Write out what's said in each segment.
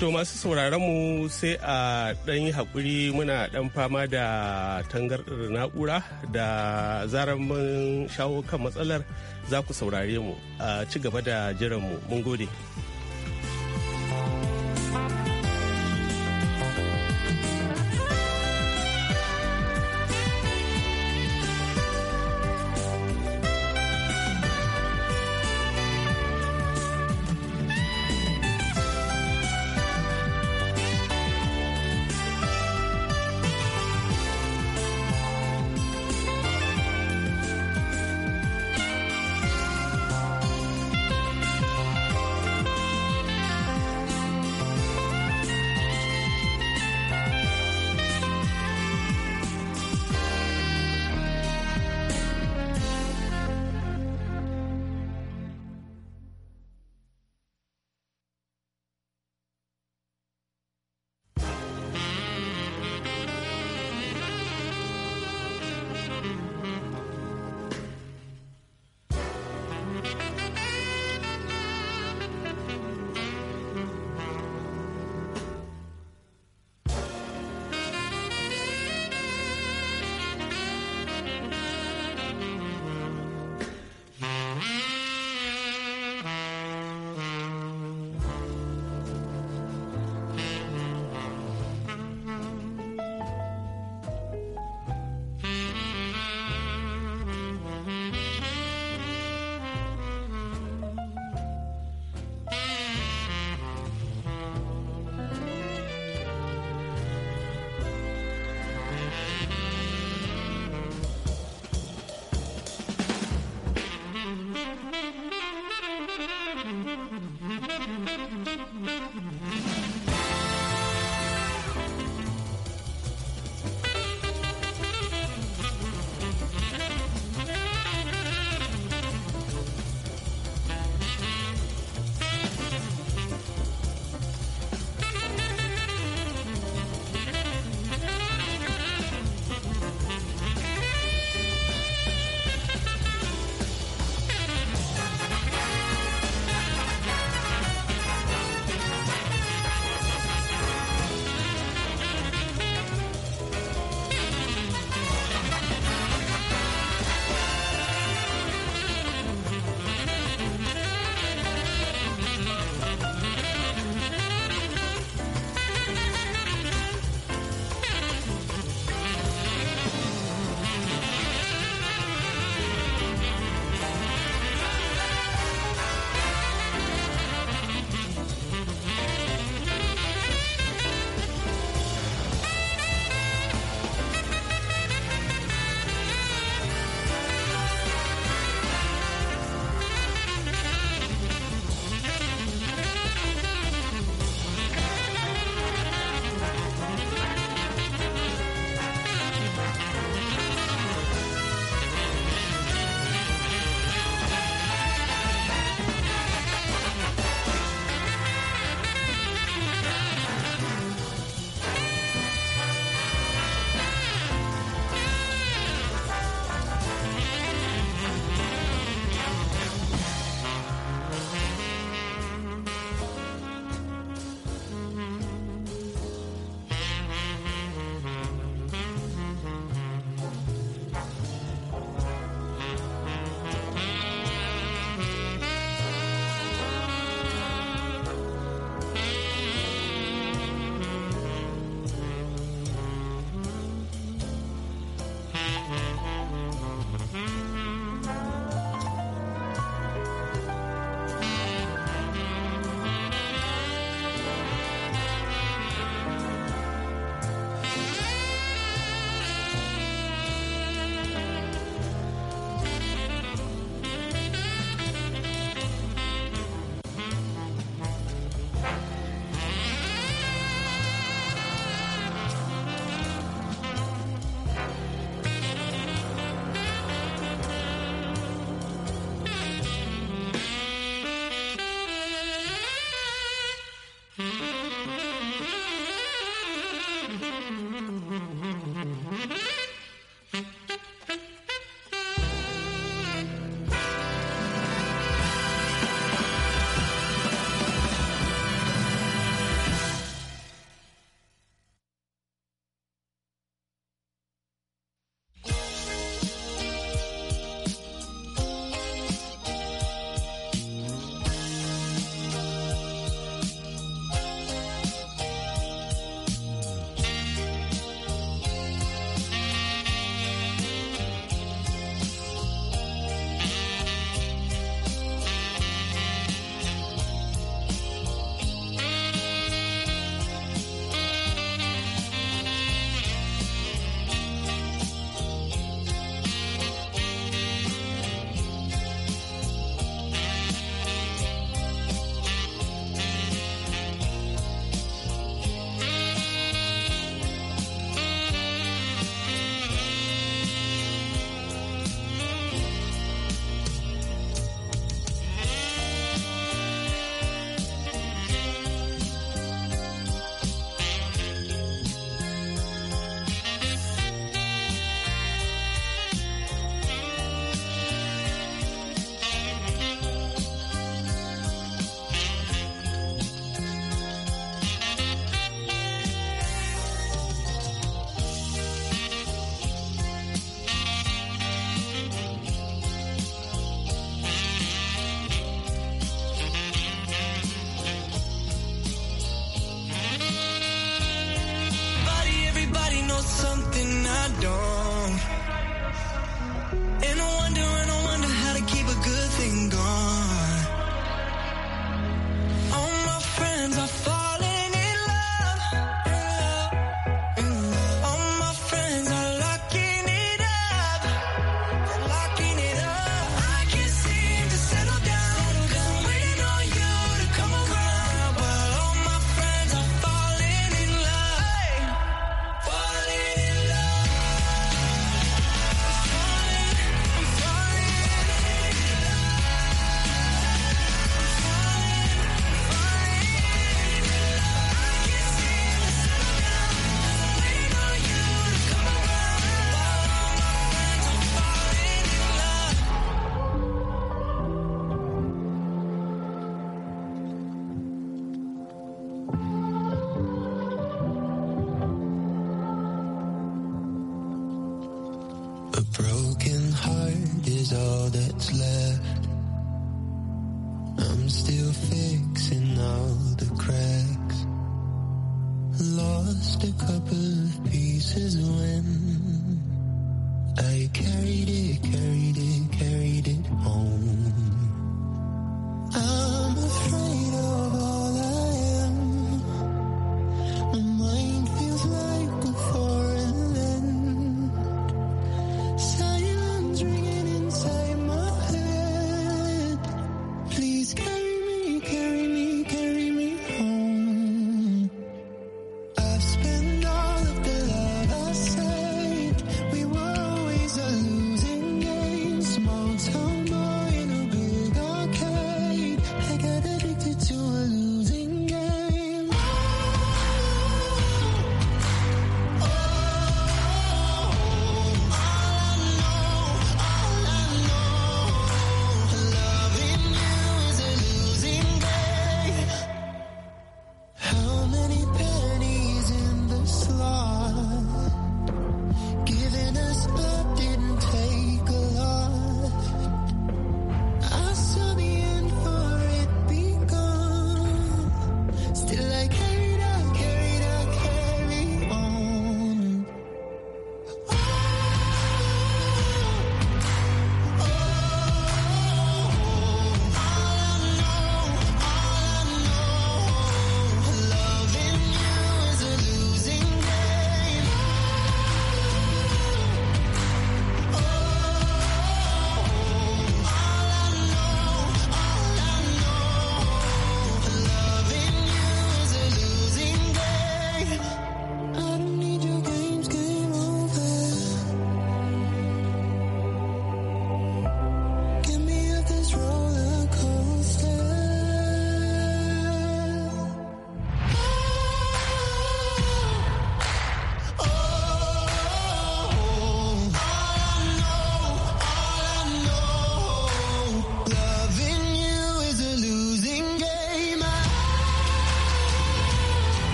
To masu sauraron mu sai a ɗan yi haƙuri muna ɗan fama da tangarɗar na'ura da zarar mun shawo kan matsalar za ku saurare mu a ci gaba da jiran mu mun gode.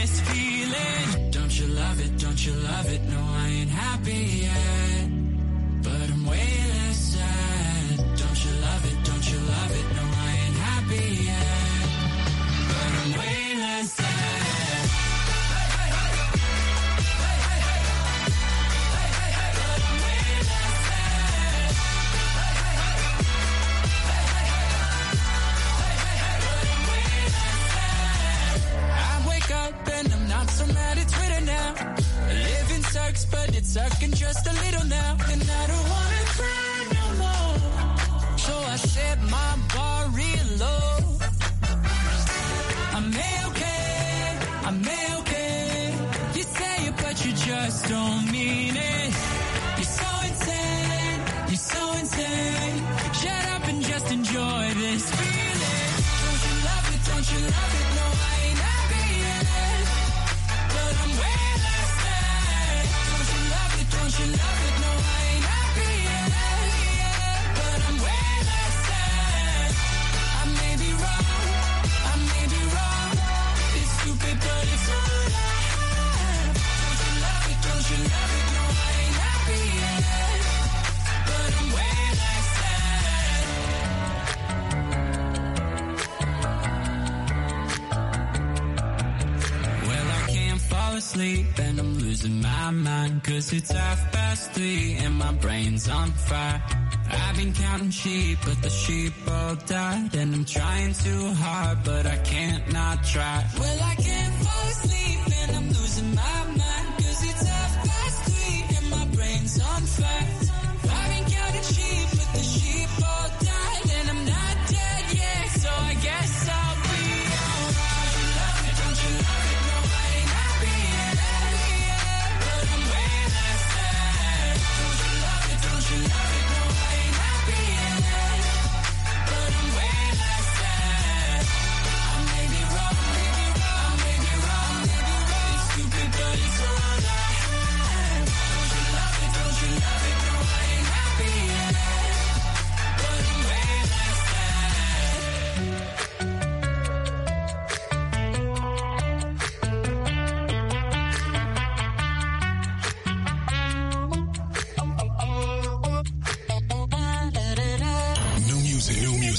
this feeling. Don't you love it? Don't you love it? No, I ain't happy yet. sucking just a little now, and I don't wanna cry no more. So I set my bar real low. I'm okay, I'm okay. You say it, but you just don't mean it. You're so insane, you're so insane. Shut up and just enjoy this feeling. Don't you love it? Don't you love it? No, I ain't happy yet, but I'm waiting you love it, no, I sleep and I'm losing my mind Cause it's half past three and my brain's on fire I've been counting sheep but the sheep all died And I'm trying too hard but I can't not try Well I can't fall asleep and I'm losing my mind Cause it's half past three and my brain's on fire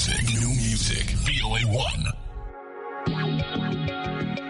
music. New music. VOA 1.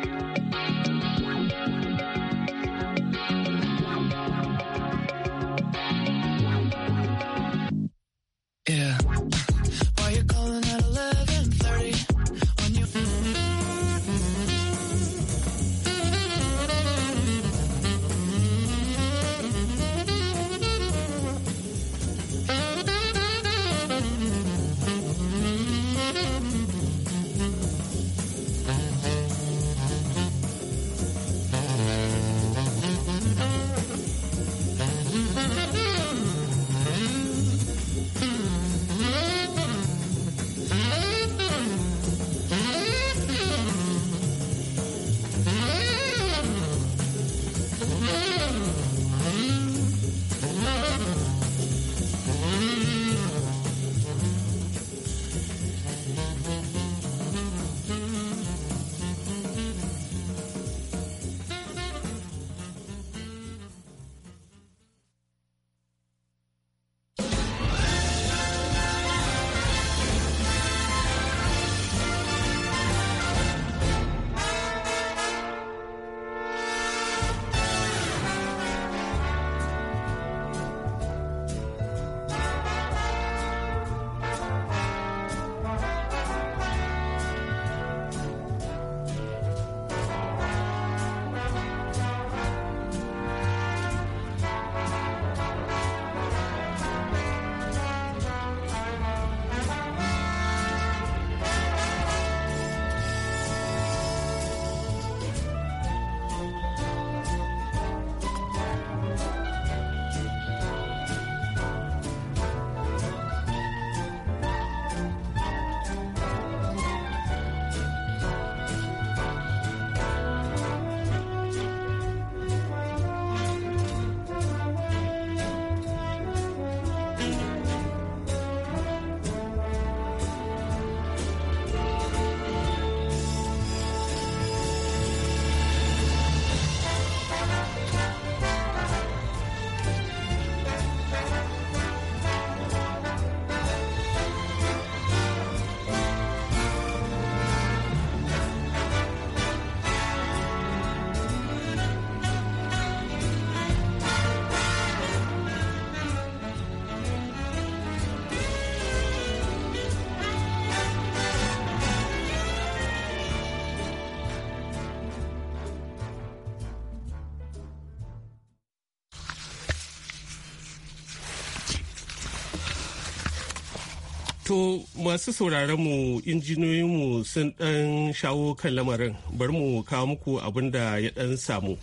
To masu sauraronmu injiniyoyinmu sun ɗan shawo kan lamarin bari mu kawo muku abin da ya ɗan samu.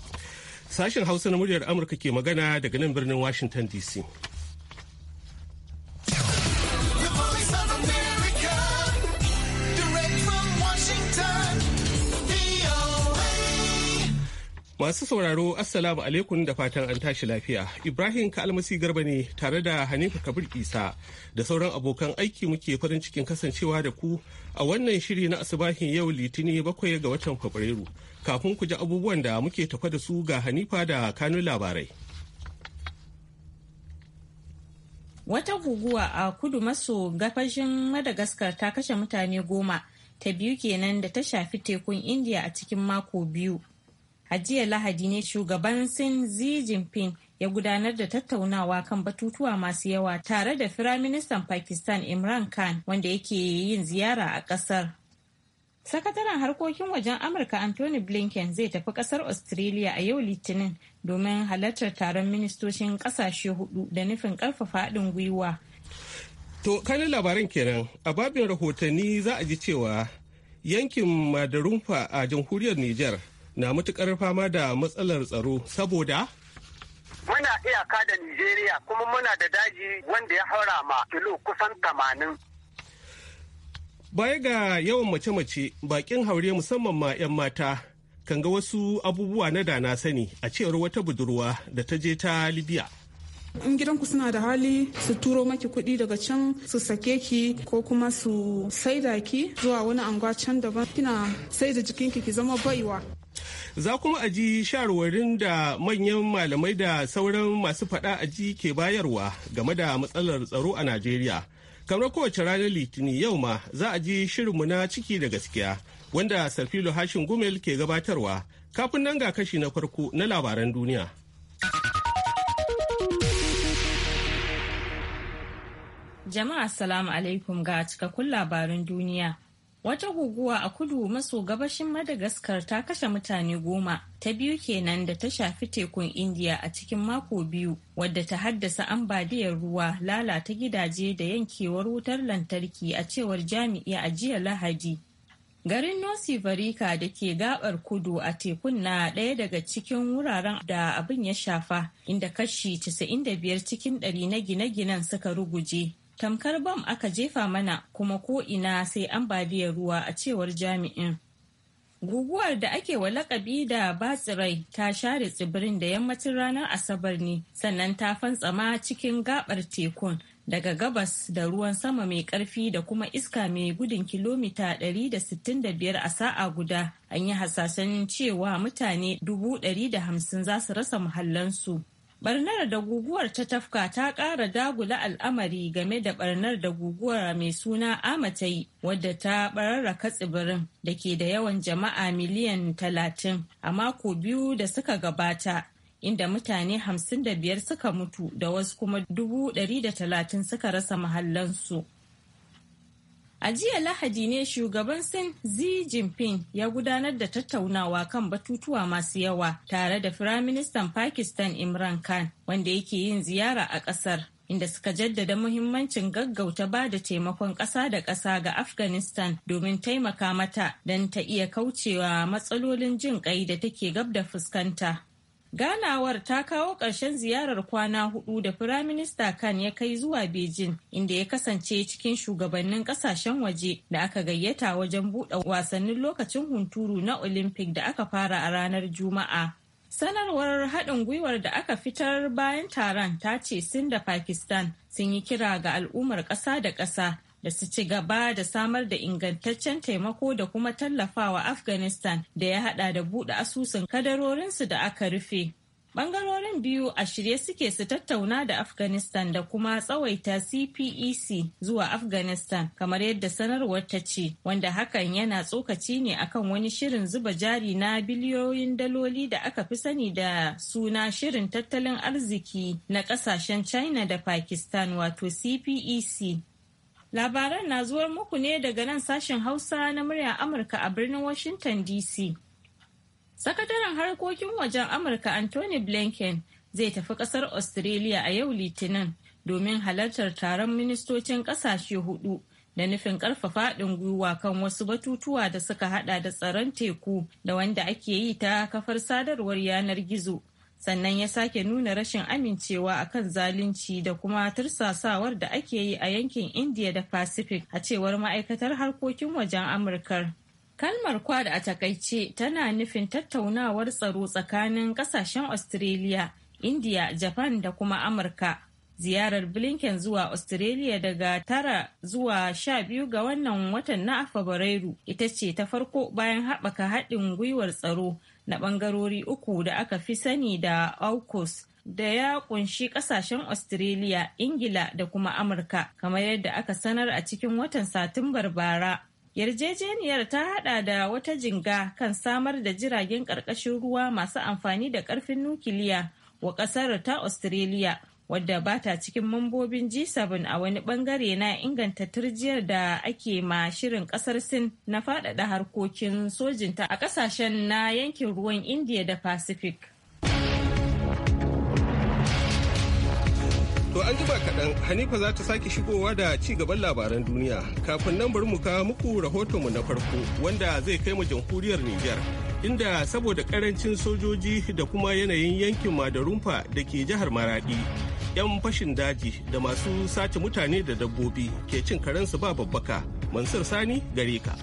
Sashen Hausa na muryar Amurka ke magana daga nan birnin Washington DC. Masu sauraro Assalamu alaikum da fatan an tashi lafiya. Ibrahim Kalmasi Garba ne tare da Hanifa Kabir Isa da sauran abokan aiki muke farin cikin kasancewa da ku a wannan shiri na asibahin yau Litini bakwai ga watan Fabrairu. Kafin ku ji abubuwan da muke tafa da su ga Hanifa da kanun labarai. Wata guguwa a kudu maso gafashin Madagaskar ta kashe mutane goma ta biyu kenan da ta shafi tekun Indiya a cikin mako biyu. a jiya lahadi ne shugaban sin xi jinping ya gudanar da tattaunawa kan batutuwa masu yawa tare da firaministan pakistan imran khan wanda yake yin ziyara a kasar sakataren harkokin wajen amurka anthony blinken zai tafi kasar australia a yau litinin domin halartar taron ministocin kasashe hudu da nufin karfafa haɗin gwiwa to kanin labarin kenan a babin rahotanni za a ji cewa yankin madarumfa a jamhuriyar nijar na matukar fama da matsalar tsaro saboda muna iyaka da nigeria kuma muna da daji wanda ya haura ma kilo kusan tamanin. Baya ga yawan mace-mace bakin haure musamman ma 'yan mata kan ga wasu abubuwa na dana sani a cewar wata budurwa da ta je ta Libya. in gidanku suna da hali su turo maki kuɗi daga can su sake ki ko kuma su saida ki zuwa wani anguwa can daban kina saida jikinki ki zama baiwa Za kuma a ji sharwarin da manyan malamai da sauran masu faɗa a ji ke bayarwa game da matsalar tsaro a Najeriya. Kamar kowace ranar Litinin yau ma za a ji shirinmu na ciki da gaskiya wanda Sarfilo Hashin Gumel ke gabatarwa kafin nan ga kashi na farko na labaran duniya. Jama'a salamu alaikum ga cikakkun labarin duniya. Wata guguwa a kudu maso gabashin Madagaskar ta kashe mutane goma ta biyu kenan da ta shafi tekun Indiya a cikin mako biyu wadda ta haddasa ambaliyar ruwa lalata gidaje da yankewar wutar lantarki a cewar jami'i a jiya Lahadi. Garin Nosi Varika da ke gabar kudu a tekun na ɗaya daga cikin wuraren da abin ya shafa inda kashi 95 cikin ɗari na gine-ginen suka ruguje. tamkar bam aka jefa mana kuma ko ina sai ambaliyar ruwa a cewar jami'in guguwar da ake wa lakabi da batsirai ta share tsibirin da yammacin ranar asabar ne sannan ta fantsama cikin gabar tekun daga gabas da ruwan sama mai karfi da kuma iska mai gudun kilomita 165 a sa'a guda an yi hasashen cewa mutane 150 za su rasa muhallansu. barnar da guguwar ta tafka ta ƙara dagula al'amari game da barnar da guguwar mai suna amatai wadda ta ɓararraka tsibirin da ke da yawan jama'a miliyan talatin a mako biyu da suka gabata inda mutane hamsin da biyar suka mutu da wasu kuma dubu ɗari da talatin suka rasa mahallansu. A jiya Lahadi ne shugaban Sin Xi Jinping ya gudanar da tattaunawa kan batutuwa masu yawa tare da Firaministan Pakistan Imran Khan wanda yake yin ziyara a ƙasar. Inda suka jaddada muhimmancin gaggauta ba da taimakon ƙasa da ƙasa ga Afghanistan domin taimaka mata don ta iya kaucewa matsalolin jin ƙai da take gab da fuskanta. Ganawar ta kawo ƙarshen ziyarar kwana hudu da Firaminista Khan ya kai zuwa Beijing inda ya kasance cikin shugabannin ƙasashen waje da aka gayyata wajen buɗe wasannin lokacin hunturu na Olympic da aka fara a ranar Juma'a. Sanarwar haɗin gwiwar da aka fitar bayan taron ta ce Sin da Pakistan sun yi kira ga al'ummar ƙasa da ƙasa da su ci gaba da samar da ingantaccen taimako da kuma tallafawa afghanistan da ya hada da buɗe asusun kadarorinsu da aka rufe Bangarorin biyu a shirye suke su tattauna da Afghanistan da kuma tsawaita CPEC e zuwa Afghanistan kamar yadda sanarwar ta ce, wanda hakan yana tsokaci ne akan wani shirin zuba jari na biliyoyin daloli da aka fi sani da suna shirin tattalin arziki na kasashen China da Pakistan wato CPEC. Labaran na zuwar muku ne daga nan sashen Hausa na muryar Amurka a birnin Washington DC. Sakataren harkokin wajen Amurka Anthony Blinken zai tafi kasar Australia a yau Litinin domin halartar taron ministocin ƙasashe hudu da nufin karfafa haɗin gwiwa kan wasu batutuwa da suka hada da tsaron teku da wanda ake yi ta kafar sadarwar yanar gizo sannan ya sake nuna rashin amincewa a kan zalunci da kuma tursasawar da ake yi a yankin india da pacific a cewar ma'aikatar harkokin wajen amurkar kalmar kwad a takaice tana nufin tattaunawar tsaro tsakanin kasashen australia india japan da kuma amurka ziyarar blinken zuwa australia daga tara zuwa sha biyu ga wannan watan na fabrairu ita ce ta farko bayan haɓaka haɗin gwiwar tsaro na bangarori uku da aka fi sani da AUKUS da ya kunshi kasashen Australia, Ingila da kuma Amurka, kamar yadda aka sanar a cikin watan Satumbar bara. Yarjejeniyar ta hada da wata jinga kan samar da jiragen ƙarƙashin ruwa masu amfani da ƙarfin nukiliya wa ƙasar ta Australia wadda ba ta cikin mambobin G7 a wani bangare na inganta turjiyar da ake ma shirin kasar Sin na faɗaɗa harkokin sojinta a ƙasashen na yankin ruwan India da Pacific. To an ba kaɗan Hanifa za ta sake shigowa da ci gaban labaran duniya. Kafin nan bari mu kawo muku rahotonmu na farko wanda zai kai mu jamhuriyar Nijar. Inda saboda karancin sojoji da kuma yanayin yankin Madarumfa da ke jihar Maradi 'yan fashin daji da masu sace mutane da dabbobi ke cin karensu ba babbaka mansur sani gare ka.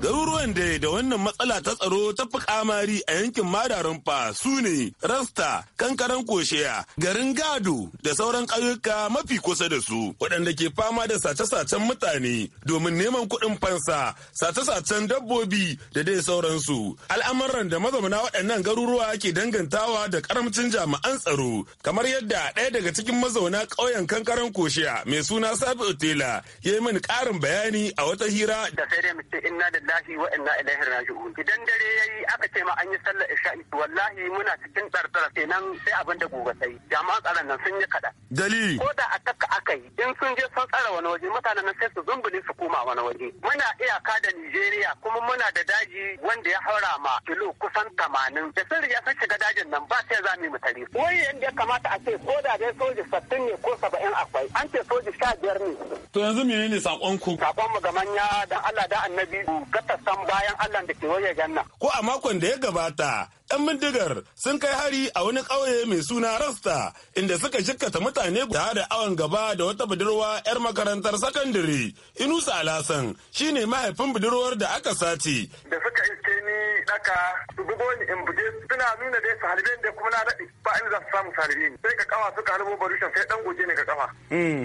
Garuruwan da da wannan matsala ta tsaro ta fi kamari a yankin Madarin fa su ne Rasta, Kankaran koshiya garin Gado da sauran ƙauyuka mafi kusa da su waɗanda ke fama da sace-sacen mutane domin neman kuɗin fansa, sace-sacen dabbobi da dai sauransu. Al'amuran da mazauna waɗannan garuruwa ke dangantawa da karamcin jami'an tsaro kamar yadda ɗaya daga cikin mazauna ƙauyen Kankaran koshiya mai suna Sabi Otela ya yi min ƙarin bayani a wata hira. Da sai dai mu ce lillahi wa inna ilaihi raji'un idan dare yayi aka ce ma an yi sallar isha'i wallahi muna cikin tsartsara kenan sai abin da gobe sai jama'an tsaron nan sun yi kada dalili ko da a taka aka yi in sun je sun tsara wani waje mutanen nan sai su zumbuli su koma wani waje muna iyaka da Nigeria kuma muna da daji wanda ya haura ma kilo kusan 80 da sirri ya san shiga dajin nan ba sai za mu yi mutare ko yanda ya kamata a ce ko da dai soji 60 ne ko 70 akwai an ce soji sha biyar ne. To yanzu menene sakon ku? Sakon mu ga manya dan Allah da annabi san bayan Allah da ke waje janna. Ko a makon da ya gabata 'yan bindigar sun kai hari a wani ƙauye mai suna rasta inda suka jikkata mutane guda da awon gaba da wata budurwa 'yar makarantar sakandare inusa alasan shine mahaifin budurwar da aka sace da suka iske ni daka su bugo ni in buje suna nuna dai su da kuma na daɗi ba inda za su samu su ni sai ka kawa suka harbo barushan sai dan goje ne ka kafa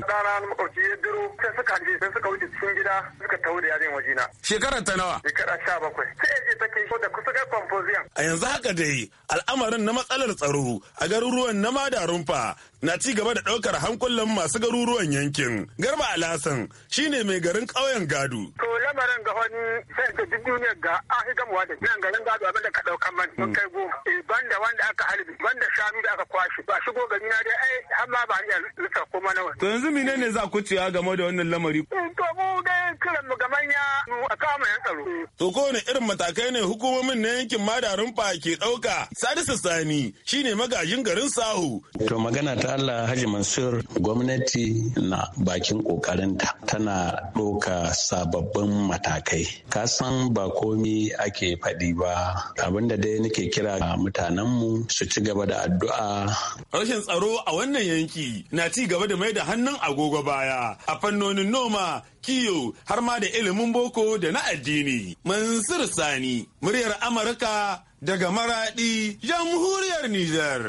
dana hmm. makwabci ya duro sai suka je sai suka wuce cikin gida suka tawo da yarin na Shekarar ta nawa? Shekara sha bakwai. Sai yaje take so da kusa ga kwamfoziyan. A yanzu haka dai al'amarin na matsalar tsaro a garuruwan na rumfa. na ci gaba da ɗaukar hankulan masu garuruwan yankin. Garba shi shine mai garin ƙauyen Gado. To lamarin ga wani sai ka duk duniyar ga an yi gamuwa da jiran garin Gado abinda ka ɗauka man mun mm. kai goma. Eh, da wanda aka ban da shanu da aka kwashe ba shigo gari na dai ai har ma ba hanyar lissa ko mana wani. To yanzu ne za ku ce game da wannan lamari? Eh, to mu dai kiran mu ga manya a kama yan tsaro. Eh. To kowane irin matakai ne hukumomin na yankin Madarin Fa ke ɗauka. Sadisa Sani shine magajin garin Sahu. To magana ta Allah Haji Mansur gwamnati na bakin kokarinta tana ɗauka sababbin matakai. Ka san ba komi ake faɗi ba abinda dai nake kira ga mutanenmu su ci gaba da addu'a. Rashin tsaro a wannan yanki na ci gaba da mai da hannun agogo baya a fannonin noma kiyo har ma da ilimin boko da na addini. Mansur Sani, muryar Amurka daga Maradi, jamhuriyar Nijar.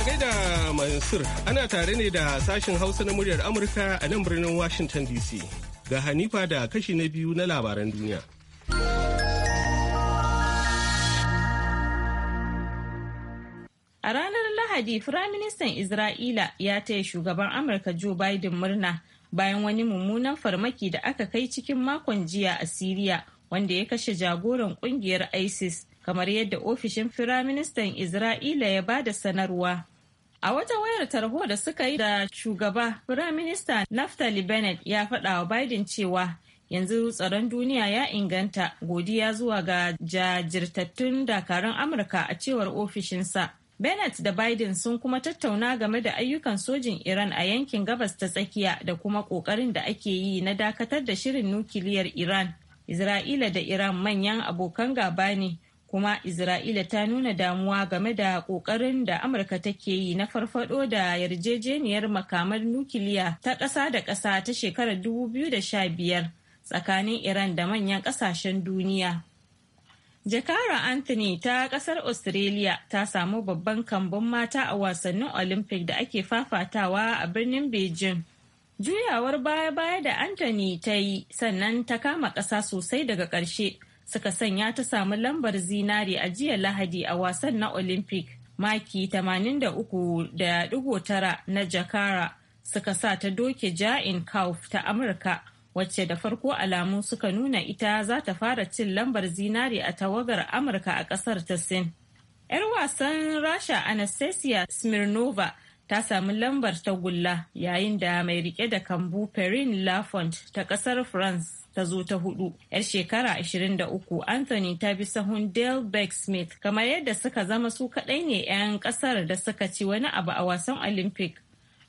a gaida Mansur ana tare ne da sashen Hausa na muryar Amurka a nan birnin Washington DC. Ga Hanifa da kashi na biyu na labaran duniya. A ranar Lahadi, Firaministan Isra'ila ya taya shugaban Amurka Joe Biden murna bayan wani mummunan farmaki da aka kai cikin makon jiya a Siriya wanda ya kashe jagoran kungiyar ISIS kamar yadda ofishin firaministan Isra'ila ya ba da sanarwa. A wata wayar tarho da suka yi da shugaba firaminista Naftali Bennett ya faɗa wa Biden cewa yanzu tsaron duniya ya inganta godiya zuwa ga jajirtattun dakarun Amurka a cewar ofishinsa. Bennett da Biden sun kuma tattauna game da ayyukan sojin Iran a yankin gabas ta tsakiya da kuma ƙoƙarin da ake yi na dakatar da shirin nukiliyar Iran. Isra'ila da Iran manyan abokan gaba ne kuma isra'ila ta nuna damuwa game da kokarin da amurka take yi na farfado da yarjejeniyar makamar nukiliya ta ƙasa da ƙasa ta shekarar 2015 tsakanin iran da manyan ƙasashen duniya jakara anthony ta ƙasar australia ta samu babban kambun mata a wasannin olympic da ake fafatawa a birnin beijing juyawar baya-baya da anthony ta yi sannan ta kama ƙasa sosai daga ƙarshe suka sanya ta samu lambar zinare a jiya lahadi a wasan na olympic maki 83.9 na jakara suka sa ta doke ja'in kauf ta amurka wacce da farko alamu suka nuna ita za ta fara cin lambar zinare a tawagar amurka a kasar ta sin 'yar wasan rasha anastasia smirnova ta sami lambar tagulla yayin da mai rike da kambu Perrine Lafont ta kasar France ta zo ta hudu. 'Yar shekara 23 Anthony ta bi sahun Dale Beck Smith kamar yadda suka zama su kadai ne 'yan kasar da suka ci wani abu a wasan Olympic.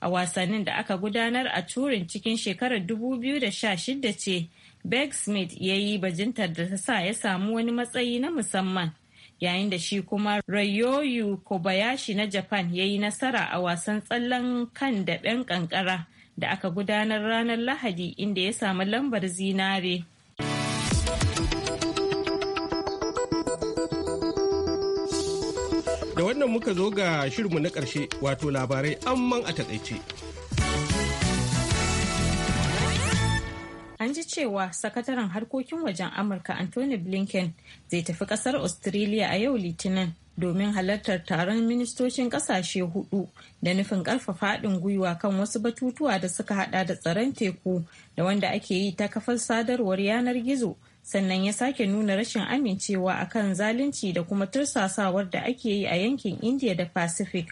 A wasannin da aka gudanar a Turin cikin shekarar 2016 ce, Beck Smith ya yi bajintar da ta sa ya samu wani matsayi na musamman. yayin da shi kuma Rayoyu Kobayashi na Japan ya yi nasara a wasan tsallen kan da ɗan ƙanƙara da aka gudanar ranar Lahadi inda ya samu lambar zinare. Da wannan muka zo ga shirinmu na ƙarshe wato labarai amman a taƙaice. an ji cewa sakataren harkokin wajen Amurka Anthony Blinken zai tafi kasar Australia a yau Litinin domin halartar taron ministocin kasashe hudu da nufin karfafa haɗin gwiwa kan wasu batutuwa da suka hada da tsaron teku da wanda ake yi ta kafar sadarwar yanar gizo sannan ya sake nuna rashin amincewa akan zalunci da kuma tursasawar da ake yi a yankin india da pacific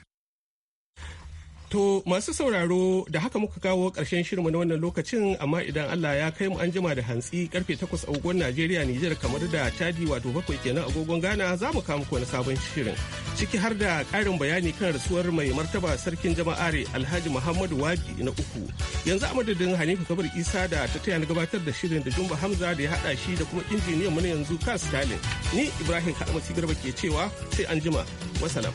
To masu sauraro da haka muka kawo ƙarshen shirinmu na wannan lokacin amma idan Allah ya kai mu an jima da hantsi karfe 8 agogon Najeriya Nijar kamar da Chadi wato bakwai kenan agogon Ghana za mu kawo wani sabon shirin. Ciki har da ƙarin bayani kan rasuwar mai martaba sarkin jama'are Alhaji Muhammadu Wabi na uku. Yanzu a madadin Hanifa Kabir Isa da ta taya gabatar da shirin da Jumba Hamza da ya haɗa shi da kuma injiniyan mu na yanzu kan Stalin. Ni Ibrahim Kalmasi Garba ke cewa sai an jima. Wasalam.